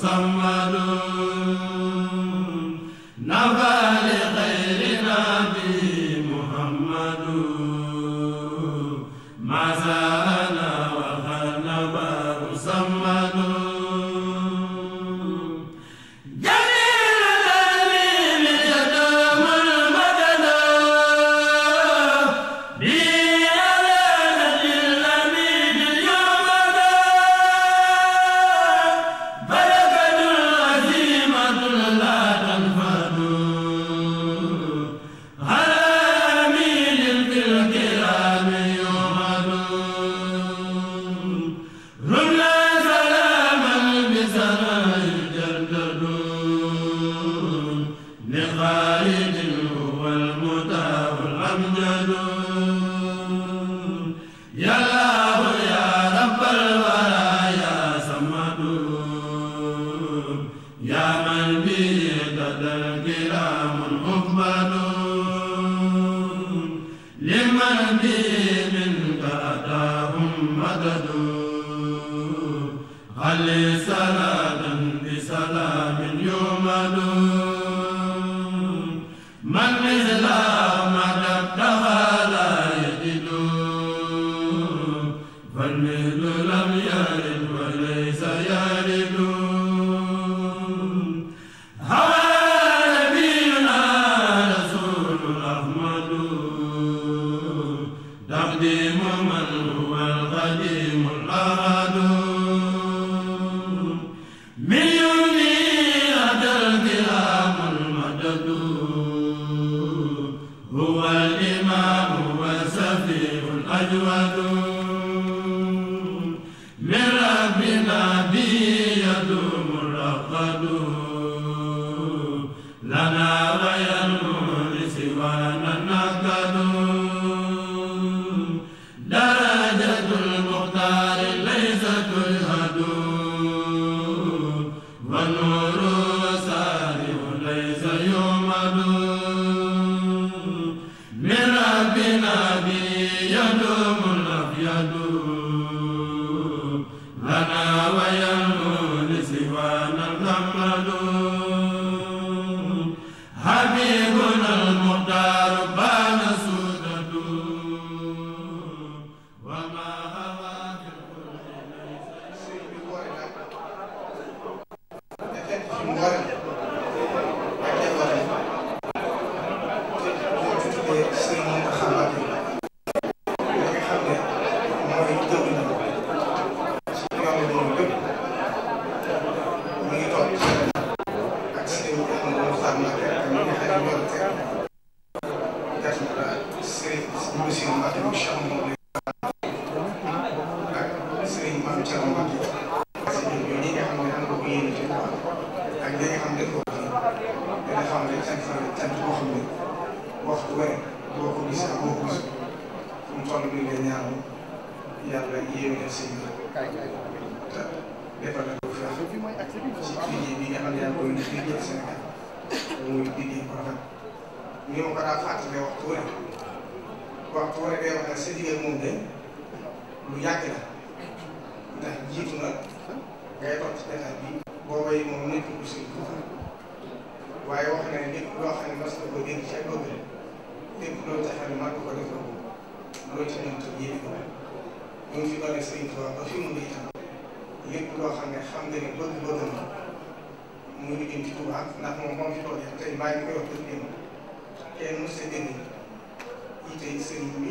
samadu ينسوان الناس nous aussi nous atteignons chaque moment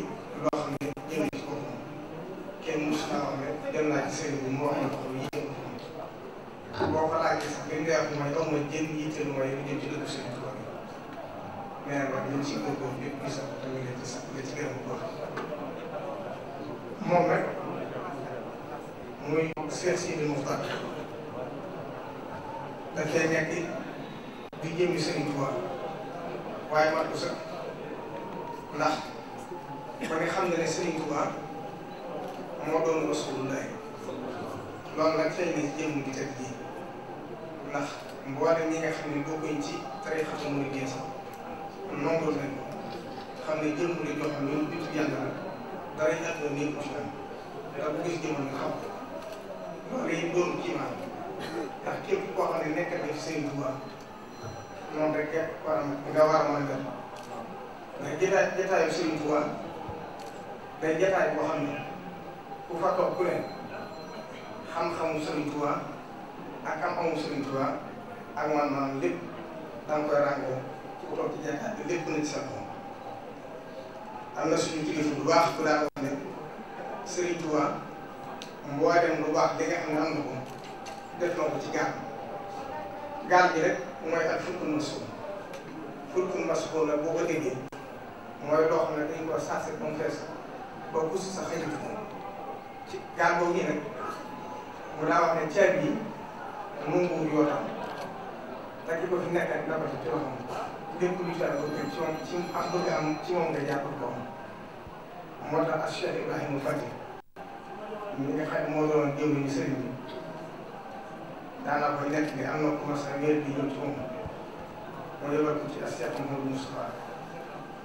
bi loo xam ne jënd ci boppam kenn mos naa wax ne dem naa ci sëriñ bi mu wax na ko yitte boo ko laajee sax li mu wax mooy aw ma jënd yitte lu mooy lu jëm ci dëkk sëriñ Tuubaa bi mais nag ñu ngi ciy góorgóorlu lépp gis nga ko tamit nga ci sax nga ci gërëm bu baax moom rek muy Cheikh Sidi Moukhtar dafay nekk di jëmmi sëriñ Tuubaa waaye mat ko sax ndax ba nga xam ne ne Sëriñ Tuubaa moo doon Rasulullah loolu nag feeñ na jëmm bi teg jii ndax mboolem ñi nga xam ne bokkuñ ci tariixa bu mu génn sax nongul nañ ko xam ne jëmm la joo xam ne yow bitu yàlla la dara ñàkk na nii ko ci am ndax bu gis jëmm nga xam loolu yi doon kiimaan ndax képp koo xam ne nekk def Sëriñ Tuubaa moom rek képp koo xam ne nga war a mën a def ndax jotaayu Sëriñ Tuubaa day jataay boo xam ne ku fa toog ku ne xam-xamu Serigne Touba ak am-amu Serigne Touba ak man maanaam lépp da nga koy ràngoo ci ku toog ci jataay bi lépp na ci sa bopp am na suñu kilifa bu baax bu daa wax ne Serigne Touba mboolem lu baax li nga xam ne am na ko def na ko ci gaal gaal gi rek mooy ak fulkul masuun fulkul masuun la boo ko déggee mooy loo xam ne dañ ko sensé ba mu fees boobu suuf sax xëy na ci gaal boobu yi nag mu daa wax ne ceeb bi nanguwul yoo tax te ki ko fi nekkal dafa ci ci loxoom lépp lu ci am bëgg ci moom ci am bëgg am ci moom nga jàppal ko moo tax as Cheikh Ibrahima Fati mi nga xam moo doon jëwriñu sëriñ bi daanaka koy nekk bi am na commencé wér bi ñëw ci moom mu yóbbal ko ci as Cheikh Mouhamadou Moustapha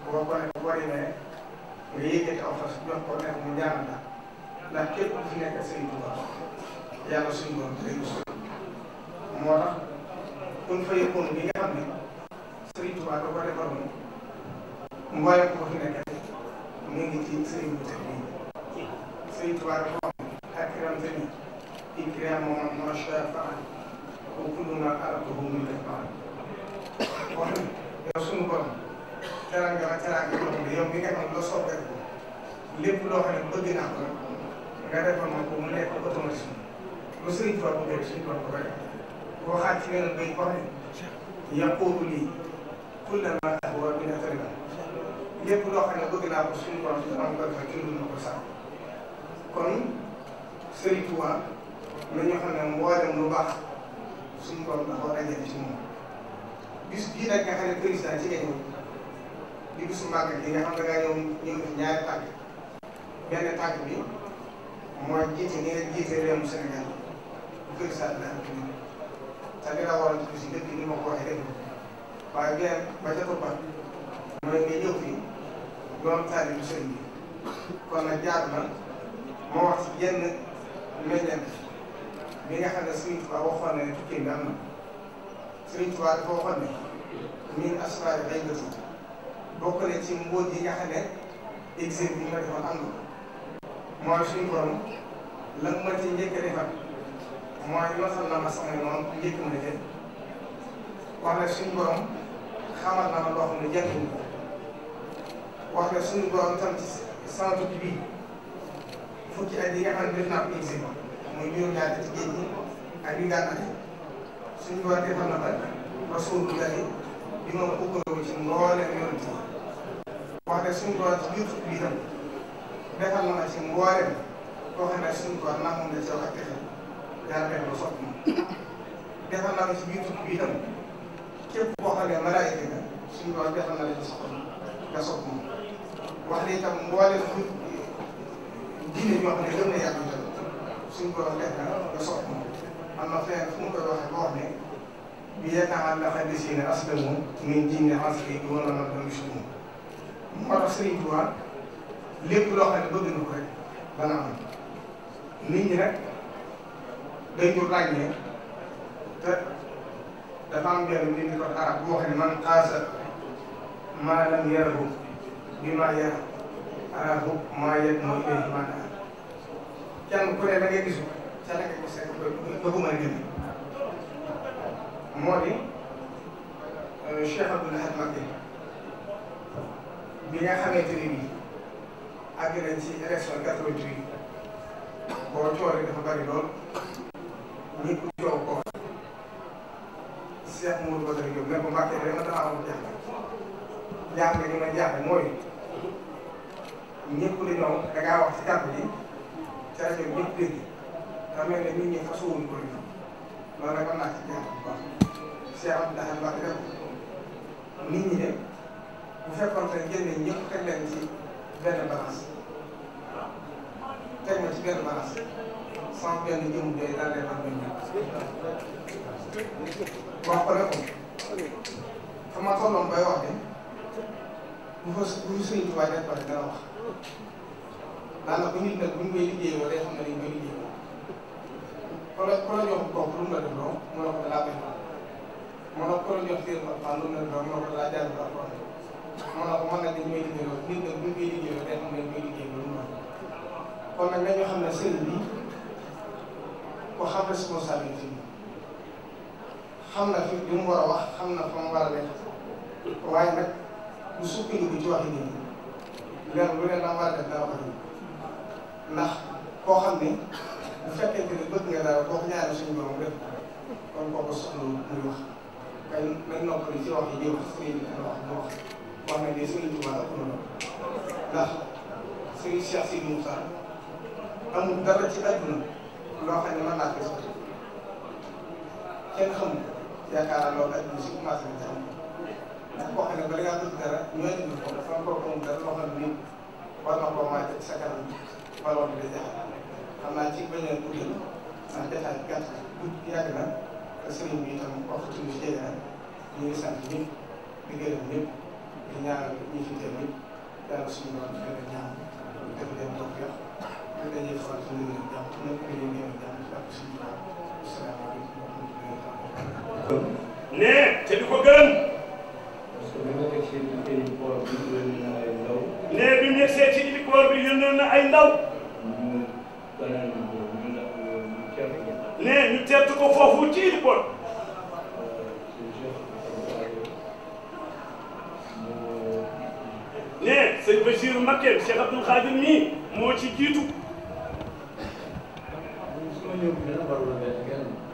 boo ko ne boo nga yëkkati aw fas jox ko nekk mu ñaanal la ndax ku fi nekk Sëriñ Tuuba yàlla suñu borom day mus moo tax kun fa yëppoon bi nga ne Sëriñ Tuuba da ko defar moom mbooleem ko fi nekk mu ngi ci sëriñ teranga la teranga yoo xam ne yow mi nga xam ne loo soog ko lépp loo xam ne bëgg naa ko nag nga defal ma ko mu nekk automatisme lu Sëriñ Tuubaa bu dee suñu borom ko rek waxaat ci beneen bay wax ne yaqulu lii kullama ahwa min atarika lépp loo xam ne bëgg naa ko suñu borom si am nga defal jëndul na ko sax kon Sëriñ Tuubaa nañu xam ne mboolem lu baax suñu borom dafa dajale ci moom bis bii nag nga xam ne président ci di bisu màggal gi nga xam ne daa ñëw ñëw def ñaari benn tànk bi mooy jiite gi nga jiite réew mu Sénégal bu kër Sadio Dane ak ñoom te li la waroon ci dëkk bi ni ma ko waxee dëgg waaye ba ca mooy nga ñëw fi doon taalibu kon nag jaar na moo wax ci jenn meññeent bi nga xam ne Sëriñ Tuubaa waxoon na ne tukki bi am na Sëriñ Tuubaa dafa waxoon ne ay gëstu. bokk na ci mbóot yi nga xam ne exil bi ma defoon am na mooy suñu na ma samay noonu njëkk ma defee wax ne suñu borom xamal na ma loo ne jànguñu ko wax ne suñu borom tam ci sant bi fukki at yi nga xam ne def naa ko exil muy juróom-ñaari ci géej gi ak yu daan ate suñu borom defal na di mën a ukkandiku ci mbooleem yoon bi wax dëgg suñu tool biir bi itam defal na ci mbooleem koo xam ne suñu tool naa moom la ci wax ak texe na soppi moom. defal naa ko ci biir bi itam képp koo xam ne malaayika nga suñu tool defal na la ci soppi nga soppi wax dëgg itam mbooleem diine ñoo ne gëm na yàlla itam suñu tool def na nga soppi moom am na feneen fu mu koy بيتعلق بسين أسلموا من دين عصر دون ما بمشتون مرة سيدوا لكل أحد بدن أخرى بنعمل من يرى دين الرجل تفهم بيان من يرى العرب وحن من قاس ما لم يره بما يرى أراه ما يدنو إليه ما نعم كان كل ما يجيزه تلقى بسيطة بقوم الجميع moo di euh, Cheikh Abdoul Ahad Mbacké bi nga xamante ne nii àgg nañ ci élection 88 boo coow dafa bari lool ñëpp coow ko Cheikh Mourou Badara Diop ne ko Mbacké dama dafa amul jaaxle jaaxle ñu ma jaaxle mooy ñëpp dañoo da ngaa wax ci kàddu gi ca rajo bi ñëpp dégg xam nga ne nit ñi fasoo wuñ ko loolu nag am naa ci jaaxle bu baax. Cheikh Abdoulaye Mbacke def nit ñi de bu fekkoon te génne ñëpp teg leen ci benn balance teg na ci benn balance sans benn jëmu day daal day mën nañu wax ko ne ko xam nga tolloon bay wax de bu fa bu Sëriñ Tuubaa def pare dana wax daanaka nit nag bu ñu koy liggéeyoo day xam ne dañ koy liggéeyoo. kon la kon la jox ko kooku lu mu la def lool mu ne ko dalaa koy ma ne ko doon jox seen alxuraan loolu la doon ma ne ko laa jàng alxuraan ma ne ko man nag dañ koy liggéeyoo nit nag bu ñu koy liggéeyoo day xam ne dañ koy liggéey loolu moom kon nag dañoo xam ne sëriñ bi ko xam responsabilité bi xam na fi li a wax xam na fa mu war a def waaye nag bu a def dara wax ndax koo xam ne dañ dañ noppali ci wax yi di wax sëriñ bi wax di wax wax nañ ne sëriñ Tuubaa ëpp na ndax sëriñ Cheikh Sidi Moussa amul dara ci àdduna loo xam ne mën naa koy sotti kenn xamul yaakaar naa loolu àdduna si commencé nañ ci am ndax koo xam ne bala ngaa dugg dara ñoo dindi ko dafa koo xamul dara loo xam ne nii war na koo màcc sa kanam wala wala day jaxal xam naa ci bañ a guddal ndax jaxal gàtt gudd yàgg na. sëriñ bi itam waxtu bi fii daal ñu ngi sant ñëpp di gërëm ñëpp di ñaanal ñu fi teew ñëpp yàlla suñu borom di leen ñaan di def leen toog yàq di dañuy faral di leen jàpp ñëpp di leen ñaan ak suñu borom ne te di ko gërëm. bi nga teg seen i koor bi yónnee na ay ndaw. ne bi mu yegsee ci koor bi yónnee na ay ndaw. ne ñu teertu ko foofu ci il bon ne sëñ Bachir Mbacké Cheikh Abdoul Khadir mii moo ci jiitu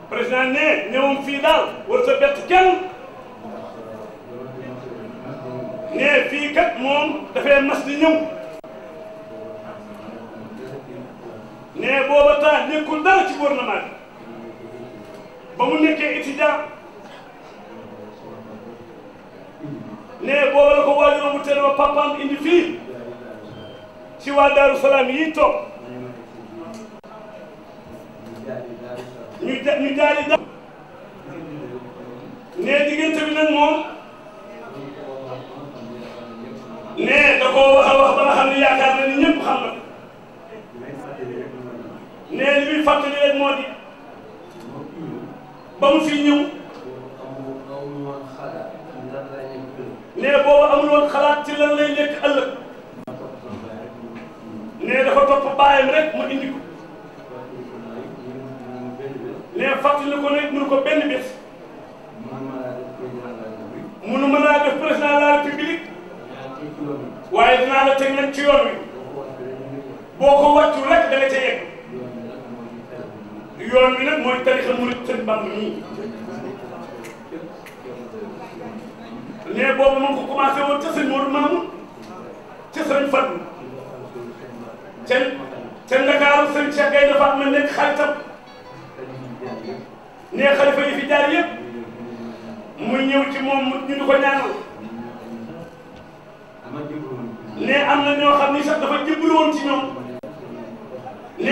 président ne ñëwum fii daal war sa bett kenn ne fii kat moom dafay mas di ñëw ne booba taa nekkul dara ci gouvernement bi ba mu nekkee étudiant ne booba la ko waajuram mu teel ma papaam indi ci waa Daaru Salaam yi toog ñu ja ñu jaari da ne diggante bi moom ne da koo wax a wax ba nga xam ne yaakaar na ni ñëpp xam não nenhum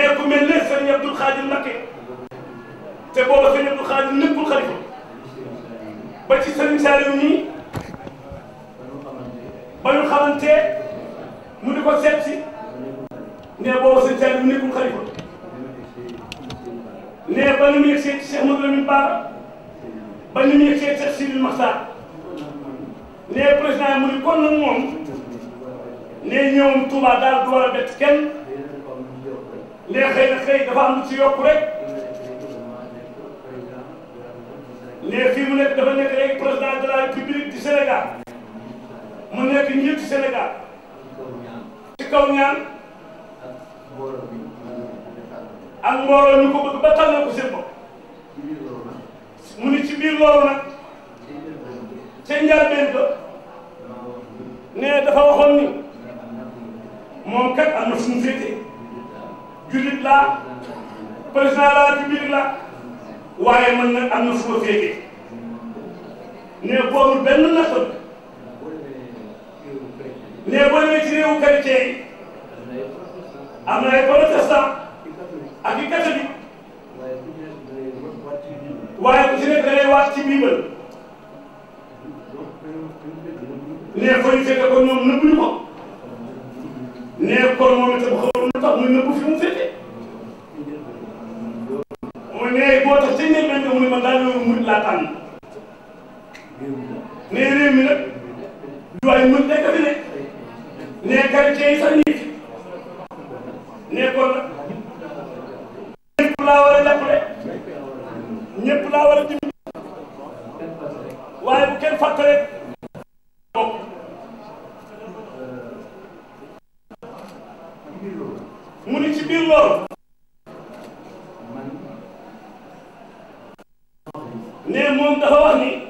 tey ku mel ne sëriñ Abdul Xaadir Mbakke te booba sëriñ Abdul Xaadir nekkul xalifa ba ci sëriñ Saliou nii ba ñu xamante mu di ko seet si ne booba sëriñ Saliou nekkul xalifa ne ba ni mu yegsee ci Cheikh Modou Lamine Bara ba ni mu yegsee ci Cheikh Sidil Maxtaar ne président mu ni kon nag moom ne ñëwam Touba daal du war a bett kenn ne xëy na xëy dafa am lu rek ne fii mu nekk dafa nekk léegi président de la république du Sénégal mu ne dafa waxoon ni moom kat am na jullit laa président de la république la waaye man nag am na fu ma féete ne boobu benn naqar ne boo demee ci réewu chrétien yi am na ay protestant ak i catholique waaye ku ci nekk da ngay waat ci ne fa ñu fekk ko ñoom nëbbuñu ko ne kon moom itam lu tax muy nëbb fi mu féete. mu ne boo tax nekk nañ mu ne man daal yow murit laa tànn. ne réew mi nag du ay murit nekk fi ne. ne chrétien yi sax ñu fi. ne laa war a jàppale. ñëpp laa war a dimbali. waaye bu kenn fàtte rek. nem mundo da ordem.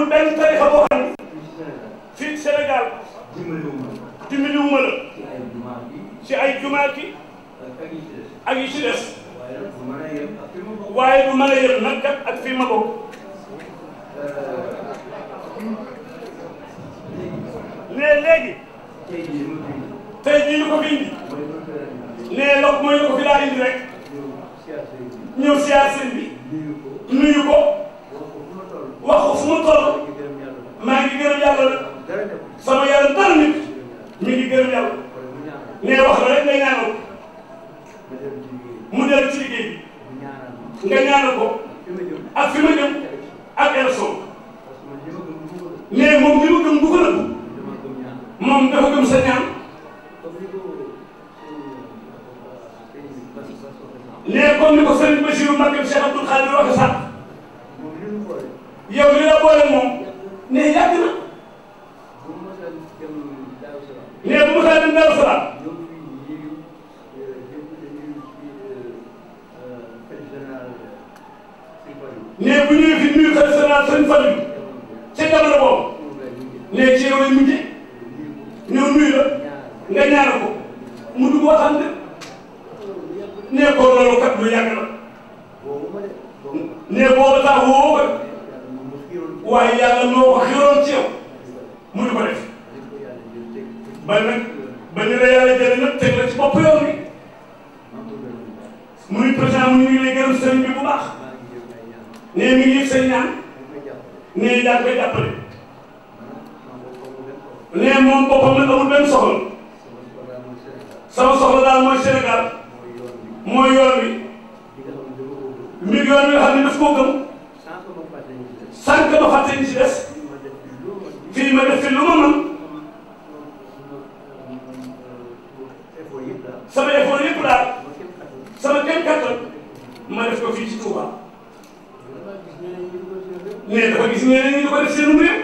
amul benn tarixa boo xam ne fii Sénégal dimbaliwuma la ci ay jumaa ki ak yi ci des waaye du mën a yem nag kat ak fii ma bokk nee léegi tey jii ñu ko fi indi nee loolu mooy ñu ko fi daa indi rek ñëw siyaar seen bi nuyu ko waxu fu ma toll maa ngi gërëm yàlla rek sama yàlla dara nit mi ngi gërëm yàlla mais wax la rek nga ñaanal mu dellu ci liggéey bi nga ñaanal ko ak fi ma jëm ak élection mais moom li ma gëm dugalal moom dafa gëm sa ñaan mais comme ni ko sëriñ Bachirou Mbacké Cheikh Abdoul Khadir waxe sax yow li la boole moom ne yàgg na. sama effort yëpp daal sama kenn kattan ma def ko fii ci Touba mais dafa gis ñeneen ñi di ko def seen réew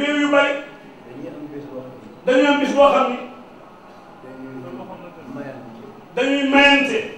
réew yu bari dañuy am bis boo xam ni dañuy mayante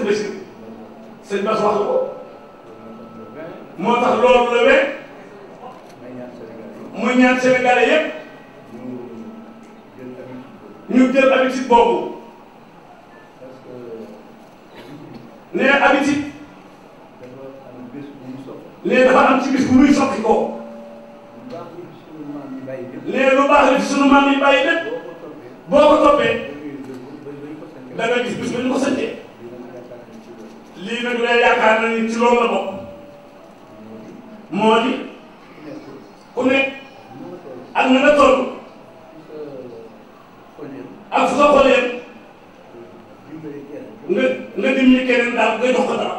sëñ Basi sëñ Bas wax ko moo tax loolu la we muy ñaan sénégalais yépp ñu jël habitude boobu ne habitude ne dafa am ci bis bu muy ko ne lu sunu maam yi bàyyi lépp boo ko toppee da nga gis bis ba lii nag lay yaakaar na ni ci loolu bokk moo di ku nekk ak na nga ak fu nga xoolee nga nga dimbali keneen nga jox ko dara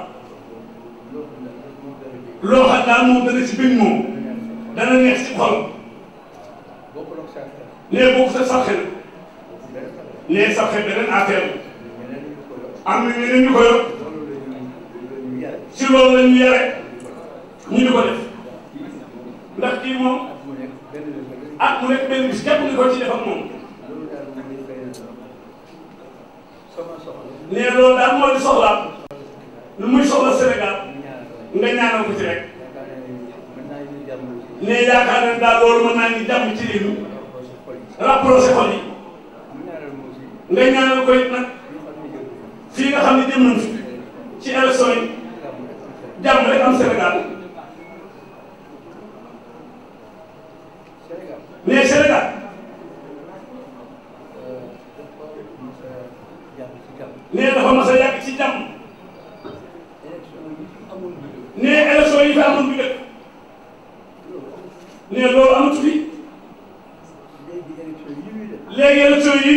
loo xam daal moom dana ci bëgg moom dana neex ci xol nee bokk sa sàrxe na nee sàrxe beneen affaire am na ñeneen ñu ko yor si loolu la ñu yore ñu di ko def ndax kii moom ak mu nekk benn bis ko ci def moom. nee loolu daal moo di soxlaam lu muy soxla Sénégal nga ñaanal ko ci rek nee yaakaar nañ daal loolu mën naa ngi jàmm ci réew mi rapproché xol nga ñaanal ko it nag fii nga xam ne jëm ci élection yi. jàmm rek am Sénégal mais Sénégal nee dafa mas a yàgg ci jàmm nee élection yi fi amoon bi dëkk nee loolu amatu fi léegi élection yi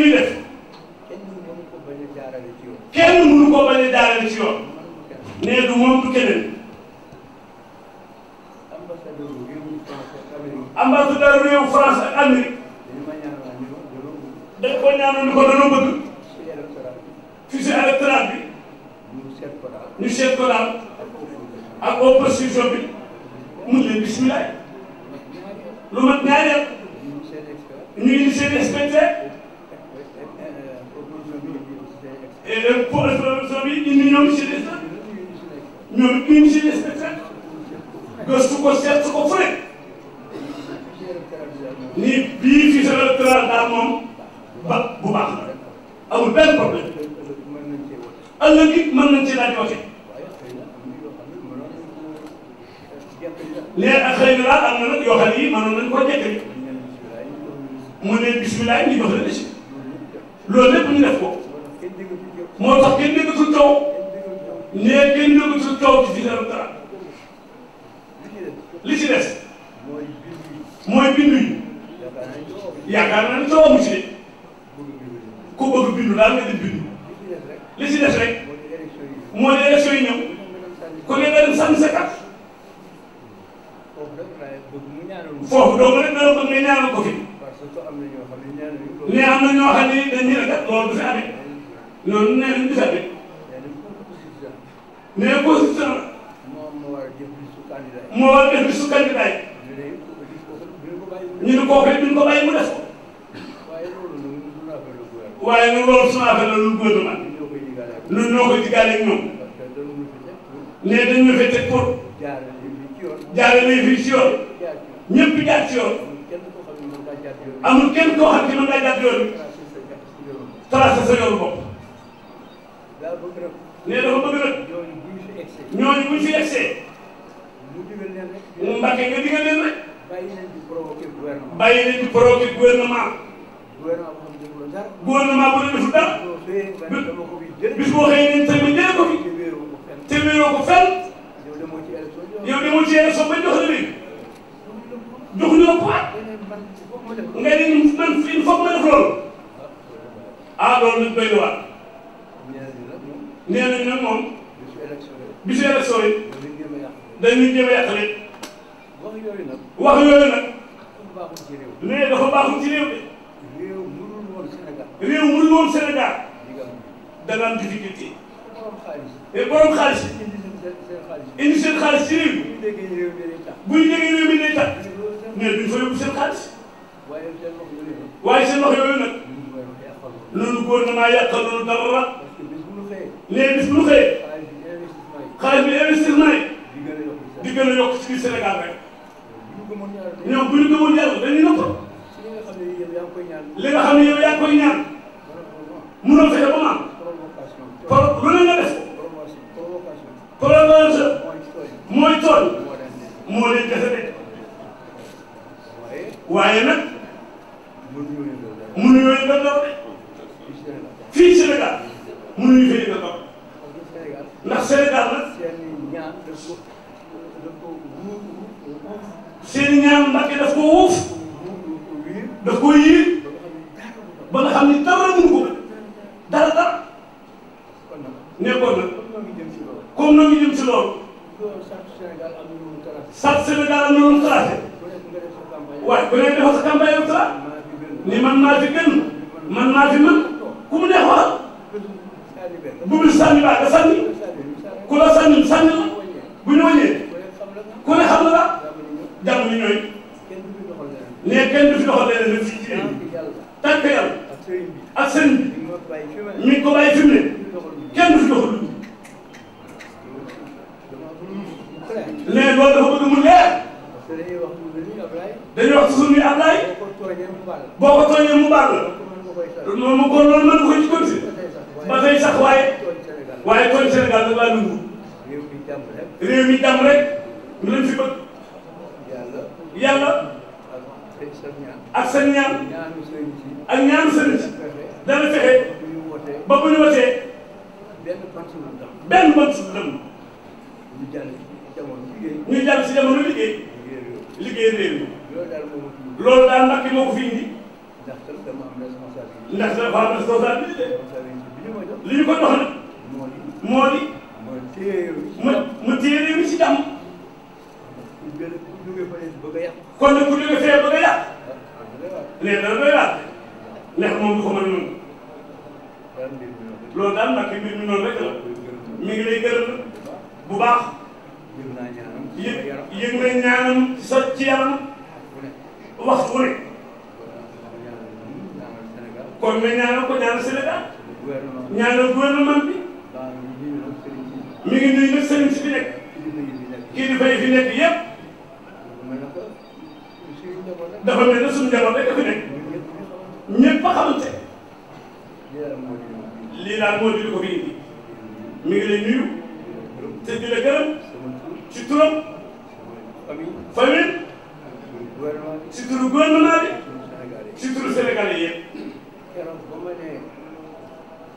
nee du moom du keneen. ambassadeur réew France ak Amérique. dañ ko ñaanal ni ko dañoo bëgg. fichier électoral bi. ñu seet ko daal. ak opposition bi. mu ngi leen bisimilah. lu mat ñaari at. ñu indi seen inspecteur. et opposition bi indi ñoom seen ñoom it ñun suñu spectacle gëstu ko seet ko fu nekk ni bii fii sa tëral daal moom ba bu baax la amul benn problème mën nañ ci laaj woote nee ak xëy na daal am na nag yoo xam ne mënoon nañ koo jëkkali mu ne bisimilah ñu jox la loolu lépp ñu def ko moo tax kenn déggatul coow nee kenn du ci taw ci dara dara li ci des mooy bindu yi yaakaar naa ne taw amu ci de ku bëgg bindu daal nga li ci des rek mooy élection yi ñëw ku ne nga dem sànni sa kat foofu doo ko rek dara bëgg nga ñaanal ko fi ne am na ñoo xam ne dañ ñu ne kat loolu du fi amee loolu nee nañ du fi amee mais position la. moo war a def listu candidat yi. moo war a def listu candidat yi. ñu ne kooku it duñ ko bàyyi mu def ko. waaye nag loolu su ma affaire la lu ko digaale ak ñoom. ne dañ ñu fa teg pour. jaarale fii ci yoon. ñëpp jaar ci yoon. amul kenn koo xam ne mën ngaa jaar ci yoon bi. tracé ne dafa bëgg nag. ñooñu buñ fi yegsee mu Mbàkke nga digal leen rek bàyyi leen di provoquer gouvernement bàyyi leen di provoquer gouvernement gouvernement bu ne deful dara bis boo xëyee ne tamit jëlee ko fi te wéeroo ko fenn yow demoo ci élection ba jox la léegi jox ñu la poids nga ne man fii foog ma def loolu ah loolu nag doy na waar nee nañ nag moom. bi si élection yi dañuy jéem a wax yooyu nag wax yooyu nag léegi dafa baaxul ci réew de réew mënul woon Sénégal réew mënul woon Sénégal da nga am difficulté te borom xaalis indi seen xaalis ci réew bu ñu déggee réew mi day tax mais duñ fa yóbbu seen xaalis waaye seen wax yooyu nag loolu na maa yàqal loolu dara la léegi xale bi investir na di gën a yokk ci Sénégal rek ñoom bu ñu gëmoon yàlla dañuy nopp li nga xam ne yow yaa koy ñaan mënoo fexe ba mu am pro lu ne nga def provocation mooy tool moo leen jafe de waaye nag. ñaan Mbàkke daf koo wuuf daf koo yiir ñu ngi ko bàyyi fi mu ne kenn du fi doxul léegi loolu dafa bëgg mu leer dañuy wax toujours ni boo ko tooñee mu baal la loolu ma ko loolu mën ko ci continuer ba tey sax waaye waaye tooñ Sénégal da laa nangu réew mi jàmm rek ñu fi bëgg ak seen ñaan ak ñaanu sëriñ dana fexe ba bu ñu wootee benn parti wu dem benn parti wu dem ñu ci jamono liggéey ñu ci jamono liggéey liggéey réew mi loolu daal ndax ki fi indi ndax dama am responsabilité ndax dafa am responsabilité li ñu ko jox nag moo di mu mu téye réew mi ci jàmm kon nag ku jóge fee bëgg a yàq nee ndax moom du ko mën noonu loolu daal nag mbir mi noonu rek la mi ngi lay bu baax yëg yëg na ñaanam ci ci yaram wax wu ne kon nga ñaanal ko ñaanal Sénégal ñaanal gouvernement bi mi ngi nuyu nag si fi nekk di fay fi nekk yëpp dafa mel ne suñu njaboot rek dafa nekk. ñëpp xamante lii daal moo di ko fi indi mi ngi lay nuyu te di la ci turam famille ci turu gouvernement bi ci turu sénégalais yëpp.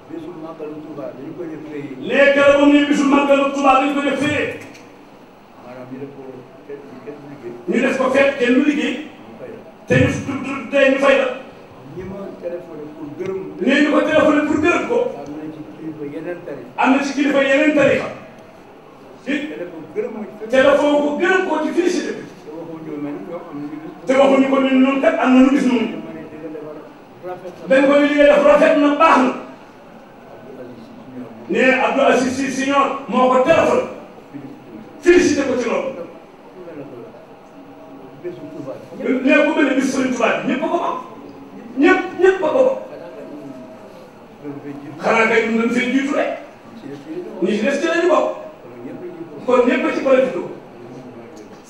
bisu màggalu Touba dañu ko bisu màggalu Touba dañu ko def fee. maanaam ñu ko fekk kenn du liggéey. te ñu tey ñu fay la. téléphoné pour gërëm. nee ñu ko téléphoné pour gërëm ko. am na ci kilifa yeneen tarixa. am na ci kilifa si téléphone ko gërëm koo ci félicité bi. ko ñun ñoom kat am na lu gis noonu. dañ koy li nga def rafet na baax na. nee Abdou Aziz Sy Senior moo ko téléphone. félicité ko ci loolu. nee ku mel bis Sëriñ Tuubaa bi ñëpp ko am. ñëpp ñëpp ba ko bokk xanaa kay ñun dañ seen jiitu rek ñi ci des ci lañu bokk kon ñëpp a ci profité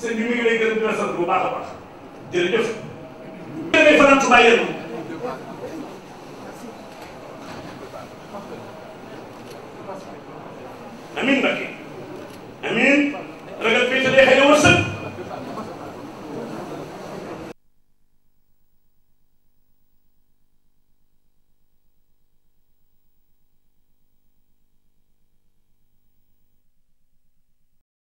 sëñ bi mi ngi lay gërëm di la sant bu baax a baax jërëjëf. jërëjëf Fatou Mbaye yéen amiin Mbacke amiin ragal bi te day xëy na wërsëg